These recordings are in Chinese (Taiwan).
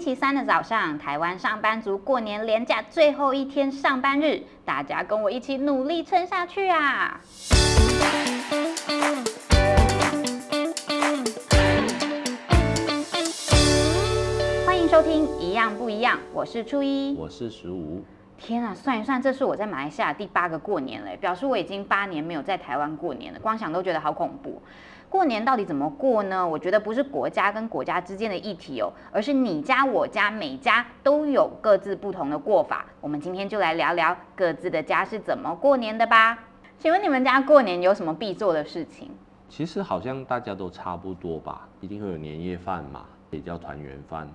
星期三的早上，台灣上班族過年連假最後一天上班日，大家跟我一起努力撐下去啊！歡迎收聽《一樣不一樣》，我是初一，我是十五。天啊，算一算，這是我在馬來西亞第八個過年了，表示我已經八年沒有在台灣過年了，光想都覺得好恐怖。過年到底怎麼過呢？我覺得不是國家跟國家之間的議題哦，而是你家我家每家都有各自不同的過法。我們今天就來聊聊各自的家是怎麼過年的吧。請問你們家過年有什麼必做的事情？其實好像大家都差不多吧，一定會有年夜飯嘛，也叫團圓飯，然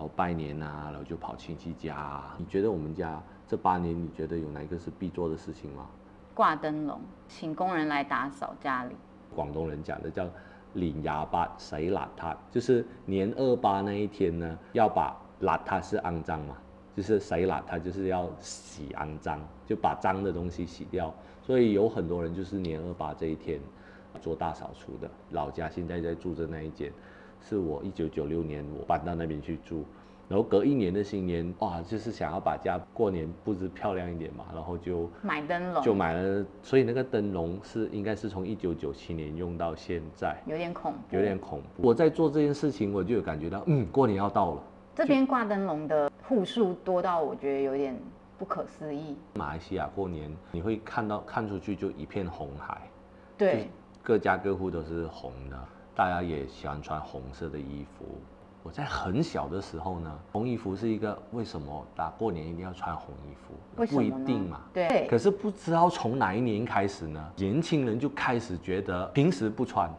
後拜年啊，然後就跑親戚家啊。你覺得我們家這八年，你覺得有哪一個是必做的事情嗎？掛燈籠，請工人來打掃家裡。廣東人講的叫“年廿八”，洗邋遢，就是年二八那一天呢，要把邋遢是骯髒嘛，就是洗邋遢，就是要洗骯髒，就把髒的東西洗掉。所以有很多人就是年二八這一天做大掃除的。老家現在在住着那一間，是我一九九六年我搬到那邊去住。然後隔一年的新年哇，就是想要把家過年布置漂亮一點嘛，然後就買燈籠，就買了，所以那個燈籠是應該是從一九九七年用到現在，有點恐怖，有點恐怖。我在做這件事情，我就有感覺到，嗯，過年要到了。這邊掛燈籠的戶數多到我覺得有點不可思議。馬來西亞過年你會看到看出去就一片紅海，對，各家各戶都是紅的，大家也喜歡穿紅色的衣服。在很小的時候呢，紅衣服是一個為什麼大過年一定要穿紅衣服？不一定嘛。對。可是不知道從哪一年開始呢，年輕人就開始覺得平時不穿，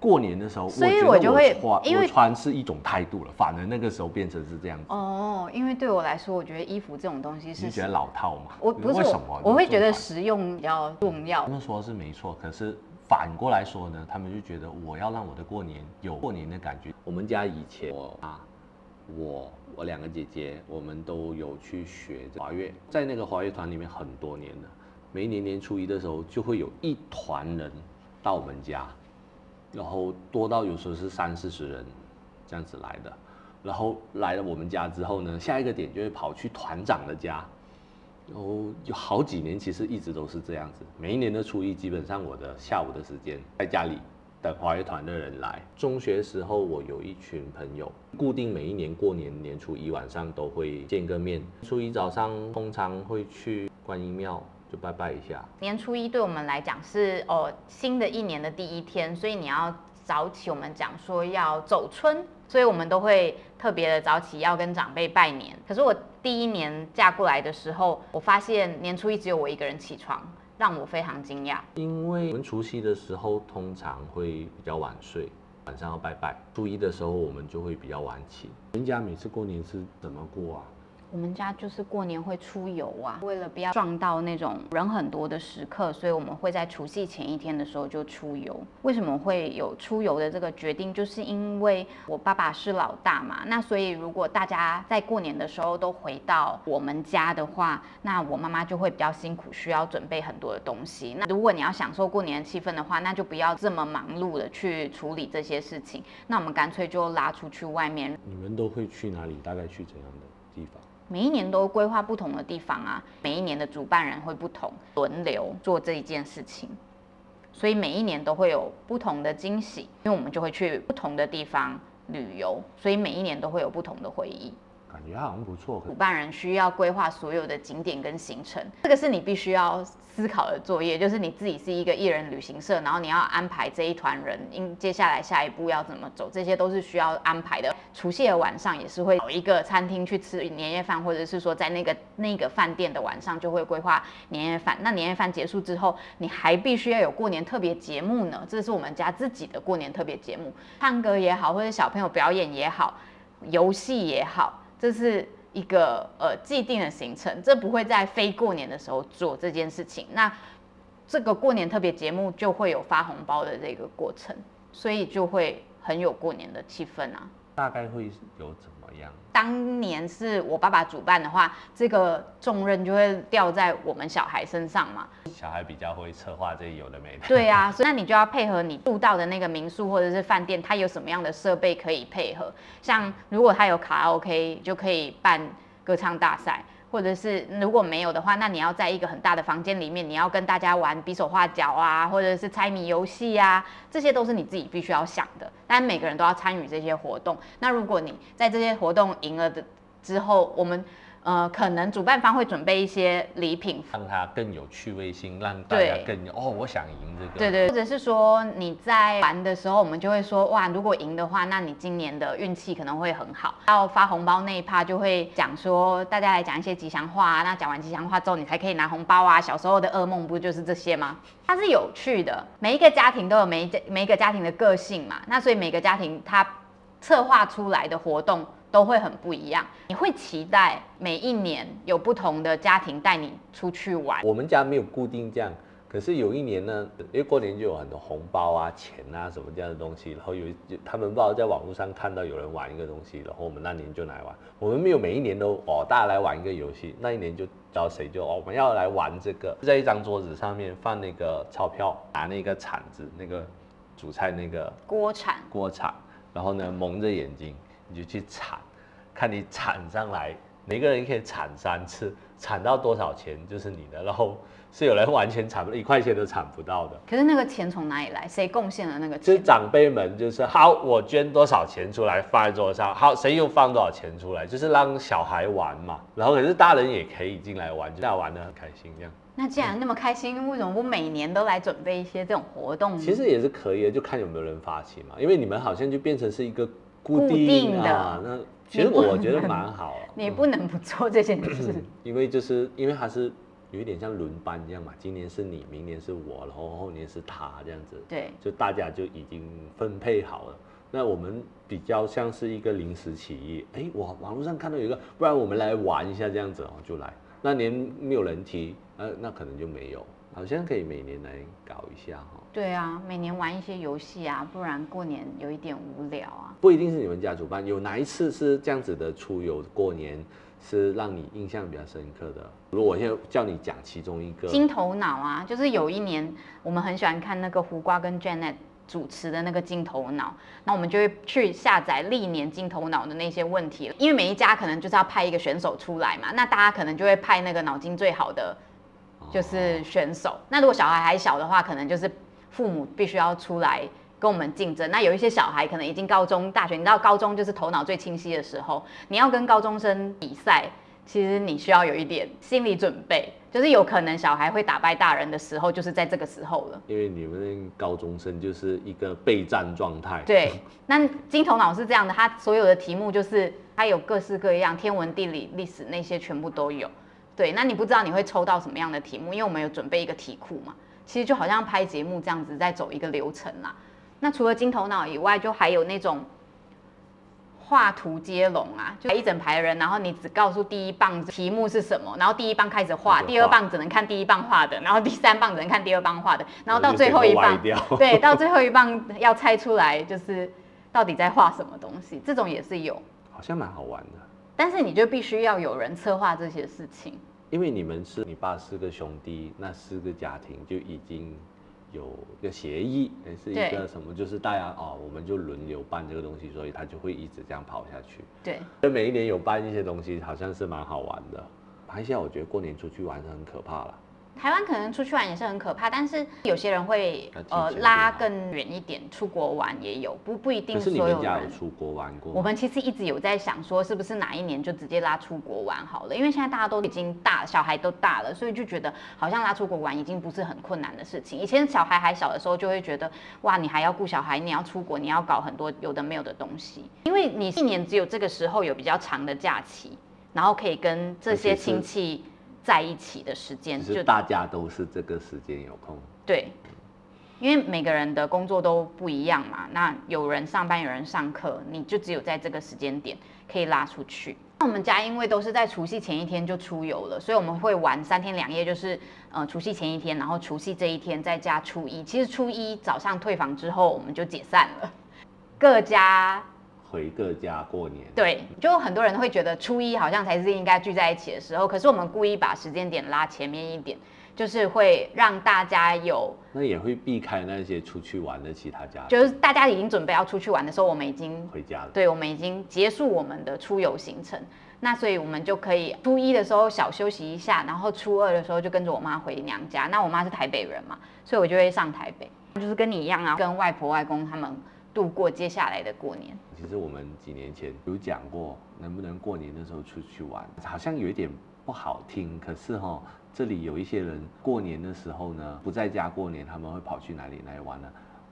過年的時候，所以我，覺得我就會我，我穿是一種態度了，反而那個時候變成是這樣子。哦，因為對我來說，我覺得衣服這種東西是你覺得老套嘛。我不是為什麼？我會覺得實用比較重要。嗯，他們說是沒錯，可是。反過來說呢，他們就覺得我要讓我的過年有過年的感覺。我們家以前，我、我、我兩個姐姐，我們都有去學華樂，在那個華樂團裡面很多年了。每一年年初一的時候，就會有一團人到我們家，然後多到有時候是三四十人這樣子來的。然後來了我們家之後呢，下一個點就會跑去團長的家。哦，有好幾年，其實一直都是這樣子。每一年的初一，基本上我的下午的時間，在家裡等華樂團的人來。中學時候，我有一群朋友，固定每一年過年年初一晚上都會見個面。初一早上通常會去觀音廟就拜拜一下。年初一對我們來講是哦，新的一年的第一天，所以你要早起。我們講說要走春，所以我們都會特別的早起，要跟長輩拜年。可是我。第一年嫁過來的時候，我發現年初一只有我一個人起床，讓我非常驚訝。因為我們除夕的時候通常會比較晚睡，晚上要拜拜。初一的時候我們就會比較晚起。人家每次過年是怎麼過啊？我們家就是過年會出遊啊，為了不要撞到那種人很多的時刻，所以我們會在除夕前一天的時候就出遊。為什麼會有出遊的這個決定？就是因為我爸爸是老大嘛，那所以如果大家在過年的時候都回到我們家的話，那我媽媽就會比較辛苦，需要準備很多的東西。那如果你要享受過年的氣氛的話，那就不要這麼忙碌的去處理這些事情。那我們乾脆就拉出去外面。你們都會去哪裡？大概去怎樣的地方？每一年都規劃不同的地方啊，每一年的主辦人會不同，輪流做這一件事情，所以每一年都會有不同的驚喜，因為我們就會去不同的地方旅遊，所以每一年都會有不同的回憶。也好像不錯。主辦人需要規劃所有的景點跟行程，這個是你必須要思考的作業。就是你自己是一個藝人旅行社，然後你要安排這一團人，因接下來下一步要怎麼走，這些都是需要安排的。除夕的晚上也是會有一個餐廳去吃年夜飯，或者是說在那個那個飯店的晚上就會規劃年夜飯。那年夜飯結束之後，你還必須要有過年特別節目呢。這是我們家自己的過年特別節目，唱歌也好，或者小朋友表演也好，遊戲也好。這是一個呃既定的行程，這不會在非過年的時候做這件事情。那這個過年特別節目就會有發紅包的這個過程，所以就會很有過年的氣氛啊。大概會有怎麼樣？當年是我爸爸主辦的話，這個重任就會掉在我們小孩身上嘛。小孩比較會策劃這些有的沒的。對啊，所以那你就要配合你住到的那個民宿或者是飯店，它有什麼樣的設備可以配合？像如果它有卡拉 OK，就可以辦歌唱大賽。或者是如果沒有的話，那你要在一個很大的房間裡面，你要跟大家玩比手畫腳啊，或者是猜謎遊戲呀，這些都是你自己必須要想的。但每個人都要參與這些活動。那如果你在這些活動贏了的之後，我們。呃，可能主辦方會準備一些禮品，讓它更有趣味性，讓大家更有哦，我想贏這個。對，對對，或者是說你在玩的時候，我們就會說哇，如果贏的話，那你今年的運氣可能會很好。到發紅包那一趴，就會講說大家來講一些吉祥話啊。那講完吉祥話之後，你才可以拿紅包啊。小時候的噩夢不就是這些嗎？它是有趣的，每一個家庭都有每家每一個家庭的個性嘛。那所以每個家庭它策劃出來的活動。都會很不一樣。你會期待每一年有不同的家庭帶你出去玩。我們家沒有固定這樣，可是有一年呢，因為過年就有很多紅包啊、錢啊什麼這樣的東西。然後有他們不知道在網絡上看到有人玩一個東西，然後我們那年就來玩。我們沒有每一年都哦，大家來玩一個遊戲。那一年就找誰就哦，我們要來玩這個，在一張桌子上面放那個鈔票，拿那個鏟子，那個煮菜那個鍋鏟鍋鏟，然後呢蒙着眼睛。你就去鏟，看你鏟上來，每個人可以鏟三次，鏟到多少錢就是你的。然後是有人完全鏟不到一塊錢都鏟不到的。可是那個錢從哪裡來？誰貢獻了那個錢？就是長輩們，就是好，我捐多少錢出來放在桌上，好，誰又放多少錢出來，就是讓小孩玩嘛。然後可是大人也可以進來玩，就大家玩的很開心。這樣。那既然那麼開心，嗯，為什麼不每年都來準備一些這種活動呢？其實也是可以的，就看有沒有人發起嘛。因為你們好像就變成是一個。固定的，固定的、啊、那，其實我覺得蠻好、啊你嗯。你不能不做這件事，因為就是因為它是有一點像輪班一樣嘛。今年是你，明年是我，然後後年是他這樣子。對，就大家就已經分配好了。那我們比較像是一個臨時起意，哎，我網絡上看到有一個，不然我們來玩一下這樣子哦，就來。那年沒有人提，那、呃、那可能就沒有。好像可以每年來搞一下哈。對啊，每年玩一些遊戲啊，不然過年有一點無聊啊。不一定是你們家主辦，有哪一次是這樣子的出遊過年，是讓你印象比較深刻的？如果我現在叫你講其中一個，金頭腦啊，就是有一年我們很喜歡看那個胡瓜跟 Janet 主持的那個金頭腦，那我們就會去下載歷年金頭腦的那些問題了，因為每一家可能就是要派一個選手出來嘛，那大家可能就會派那個腦筋最好的。就是選手。那如果小孩還小的話，可能就是父母必須要出來跟我們競爭。那有一些小孩可能已經高中大學，你到高中就是頭腦最清晰的時候，你要跟高中生比賽，其實你需要有一點心理準備，就是有可能小孩會打敗大人的時候，就是在這個時候了。因為你們高中生就是一個備戰狀態。對，那金頭腦是這樣的，他所有的題目就是他有各式各樣，天文、地理、歷史那些全部都有。對，那你不知道你會抽到什麼樣的題目，因為我們有準備一個題庫嘛，其實就好像拍節目這樣子在走一個流程啦。那除了金頭腦以外，就還有那種畫圖接龍啊，就一整排人，然後你只告訴第一棒題目是什麼，然後第一棒開始畫，第二棒只能看第一棒畫的，然後第三棒只能看第二棒畫的，然後到最後一棒，對，到最後一棒要猜出來就是到底在畫什麼東西，這種也是有，好像蠻好玩的。但是你就必須要有人策劃這些事情。因為你們是，你爸四個兄弟，那四個家庭就已經有一個協議，是一個什麼，就是大家、啊、哦，我們就輪流辦這個東西，所以他就會一直這樣跑下去。對，所以每一年有辦一些東西，好像是蠻好玩的。馬來西亞我覺得過年出去玩是很可怕了。台灣可能出去玩也是很可怕，但是有些人會呃拉更遠一點，出國玩也有，不不一定所有的。是你們家有出國玩過？啊？我們其實一直有在想說，是不是哪一年就直接拉出國玩好了？因為現在大家都已經大小孩都大了，所以就覺得好像拉出國玩已經不是很困難的事情。以前小孩還小的時候，就會覺得哇，你還要顧小孩，你要出國，你要搞很多有的沒有的東西，因為你一年只有這個時候有比較長的假期，然後可以跟這些親戚。在一起的時間，就是大家都是這個時間有空。對，因為每個人的工作都不一樣嘛，那有人上班，有人上課，你就只有在這個時間點可以拉出去。那我們家因為都是在除夕前一天就出遊了，所以我們會玩三天兩夜，就是呃除夕前一天，然後除夕這一天再加初一。其實初一早上退房之後，我們就解散了，各家。回各家過年，對，就很多人會覺得初一好像才是應該聚在一起的時候，可是我們故意把時間點拉前面一點，就是會讓大家有，那也會避開那些出去玩的其他家庭，就是大家已經準備要出去玩的時候，我們已經回家了，對，我們已經結束我們的出遊行程，那所以我們就可以初一的時候小休息一下，然後初二的時候就跟着我媽回娘家，那我媽是台北人嘛，所以我就會上台北，就是跟你一樣啊，跟外婆外公他們。度過接下來的過年。其實我們幾年前有講過，能不能過年的時候出去玩，好像有一點不好聽。可是哦，這裡有一些人過年的時候呢，不在家過年，他們會跑去哪裡來玩呢？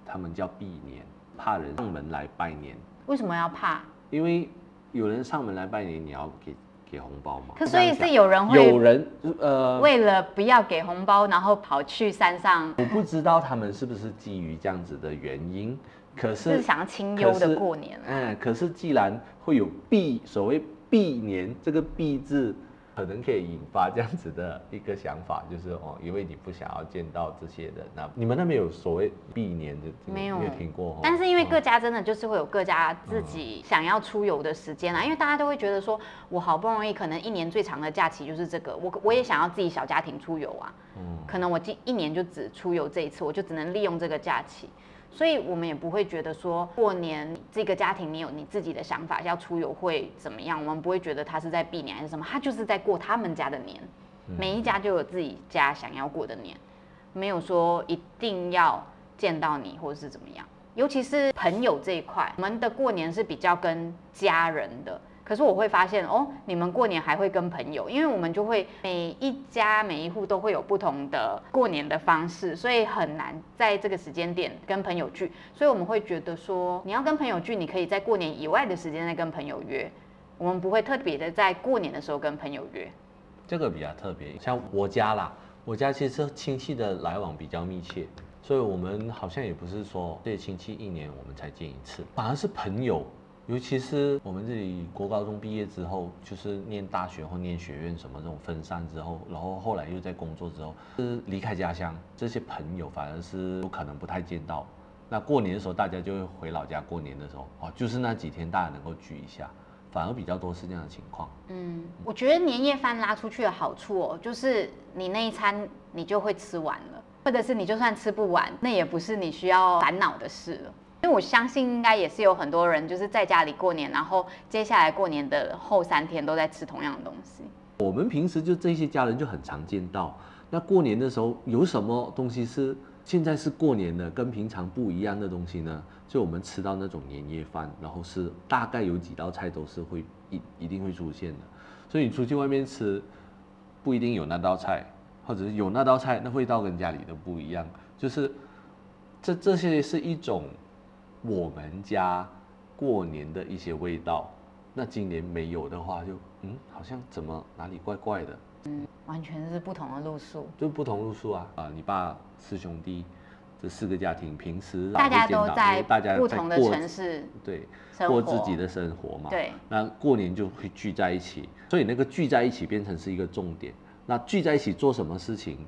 他們叫避年，怕人上門來拜年。為什麼要怕？因為有人上門來拜年，你要給給紅包嘛。可所以是有人會有人呃，為了不要給紅包，然後跑去山上。我不知道他們是不是基於這樣子的原因。可是想清幽的過年，啊、嗯，可是既然會有避、所謂避年這個避字，可能可以引發這樣子的一個想法，就是哦，因為你不想要見到這些人，那你們那邊有所謂避年的，這個，沒有也聽過？但是因為各家真的就是會有各家自己想要出遊的時間啊，嗯，因為大家都會覺得說，我好不容易可能一年最長的假期就是這個，我我也想要自己小家庭出遊啊，嗯，可能我今一年就只出遊這一次，我就只能利用這個假期。所以，我們也不會覺得說，過年這個家庭，你有你自己的想法要出遊會怎麼樣，我們不會覺得他是在避年還是什麼，他就是在過他們家的年。每一家就有自己家想要過的年，沒有說一定要見到你或者是怎麼樣。尤其是朋友這一塊，我們的過年是比較跟家人的。可是我會發現哦，你們過年還會跟朋友，因為我們就會每一家每一戶都會有不同的過年的方式，所以很難在這個時間點跟朋友聚。所以我們會覺得說，你要跟朋友聚，你可以在過年以外的時間內跟朋友約。我們不會特別的在過年的時候跟朋友約。這個比較特別，像我家啦，我家其實親戚的來往比較密切，所以我們好像也不是說對親戚一年我們才見一次，反而是朋友。尤其是我們這裡國高中畢業之後，就是念大學或念學院什麼這種分散之後，然後後來又在工作之後，是離開家鄉，這些朋友反而是有可能不太見到。那過年的時候，大家就會回老家過年的時候，哦，就是那幾天大家能夠聚一下，反而比較多是這樣的情況。嗯，我覺得年夜飯拉出去的好處哦，就是你那一餐你就會吃完了，或者是你就算吃不完，那也不是你需要煩惱的事了。因為我相信，應該也是有很多人，就是在家裡過年，然後接下來過年的後三天都在吃同樣的東西。我們平時就這些家人就很常見到。那過年的時候有什麼東西是現在是過年的，跟平常不一樣的東西呢？就我們吃到那種年夜飯，然後是大概有幾道菜都是會一一定會出現的。所以你出去外面吃，不一定有那道菜，或者是有那道菜，那味道跟家裡都不一樣。就是這這些是一種。我們家過年的一些味道，那今年沒有的話就，就嗯，好像怎麼哪裡怪怪的，嗯，完全是不同的路數，就不同路數啊啊！你爸四兄弟這四個家庭平時老會大家都在，因為大家在不同的城市對，對，過自己的生活嘛，對，那過年就會聚在一起，所以那個聚在一起變成是一個重點。那聚在一起做什麼事情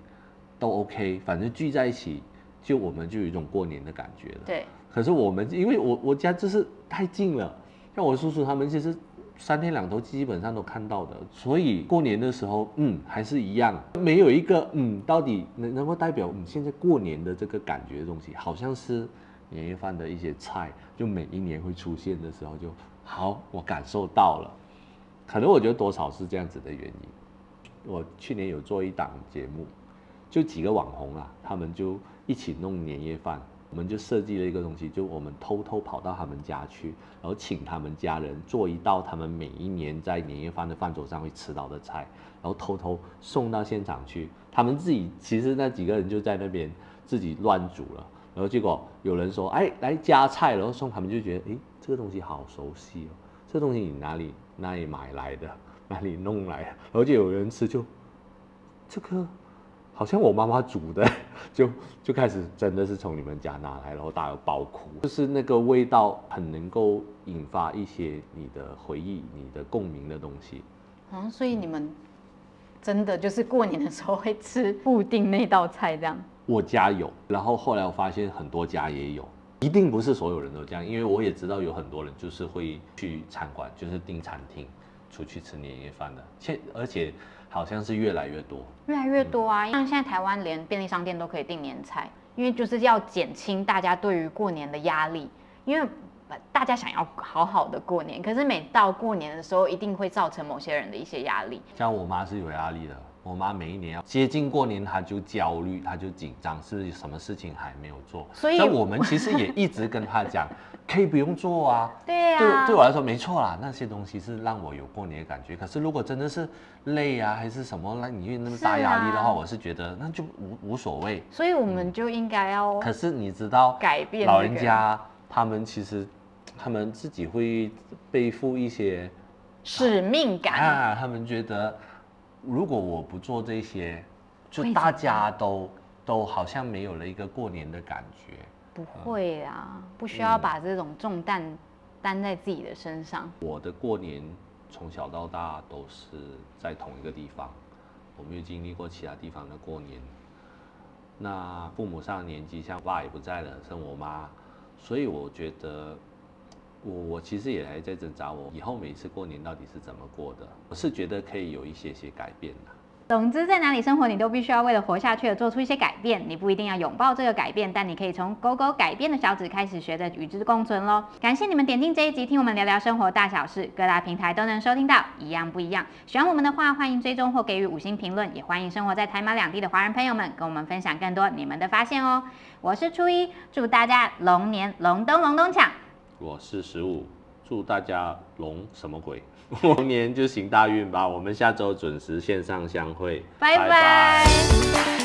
都 OK，反正聚在一起，就我們就有一種過年的感覺了，對。可是我們因為我我家就是太近了，像我叔叔他們其實三天兩頭基本上都看到的，所以過年的時候，嗯，還是一樣，沒有一個嗯，到底能能夠代表我們，嗯，現在過年的這個感覺的東西，好像是年夜飯的一些菜，就每一年會出現的時候就，就好，我感受到了，可能我覺得多少是這樣子的原因。我去年有做一檔節目，就幾個網紅啊，他們就一起弄年夜飯。我們就設計了一個東西，就我們偷偷跑到他們家去，然後請他們家人做一道他們每一年在年夜飯的飯桌上會吃到的菜，然後偷偷送到現場去。他們自己其實那幾個人就在那邊自己亂煮了，然後結果有人說：“哎，來加菜。”然後送他們就覺得：“哎，這個東西好熟悉哦，這東西你哪裡哪裡買來的，哪裡弄來的？”然後就有人吃就這個，好像我媽媽煮的。就就開始真的是從你們家拿來，然後大家有爆哭，就是那個味道很能夠引發一些你的回憶、你的共鳴的東西。嗯、哦，所以你們真的就是過年的時候會吃固定那道菜這樣？我家有，然後後來我發現很多家也有，一定不是所有人都這樣，因為我也知道有很多人就是會去餐館，就是訂餐廳。出去吃年夜飯的，而且好像是越來越多，越來越多啊！嗯，像現在台灣連便利商店都可以訂年菜，因為就是要減輕大家對於過年的壓力，因為大家想要好好的過年，可是每到過年的時候，一定會造成某些人的一些壓力。像我媽是有壓力的。我媽每一年要、啊、接近過年，她就焦慮，她就緊張，是什麼事情還沒有做？所以，我們其實也一直跟她講， 可以不用做啊。對呀、啊。對我來說，沒錯啦，那些東西是讓我有過年的感覺。可是如果真的是累啊，還是什麼，讓你有那麼大壓力的話，是啊、我是覺得那就無無所謂。所以我們就應該要、嗯，改變。可是你知道，改變老人家他們其實，他們自己會背負一些使命感啊，他們覺得。如果我不做這些，就大家都都好像沒有了一個過年的感覺。不會啊，嗯、不需要把這種重擔擔在自己的身上。我的過年從小到大都是在同一個地方，我沒有經歷過其他地方的過年。那父母上年紀，像我爸也不在了，剩我媽，所以我覺得。我我其實也還在掙扎，我以後每次過年到底是怎麼過的？我是覺得可以有一些些改變的。總之，在哪裡生活，你都必須要為了活下去而做出一些改變。你不一定要擁抱這個改變，但你可以從狗狗改變的小子開始學着與之共存嘍。感謝你們點進這一集聽我們聊聊生活大小事，各大平台都能收聽到，一樣不一樣。喜歡我們的話，歡迎追蹤或給予五星評論，也歡迎生活在台馬兩地的華人朋友們跟我們分享更多你們的發現哦。我是初一，祝大家龍年龍咚龍咚鏘。我是十五，45, 祝大家龍什麼鬼，龍 年就行大運吧！我們下周準時線上相會，拜拜。拜拜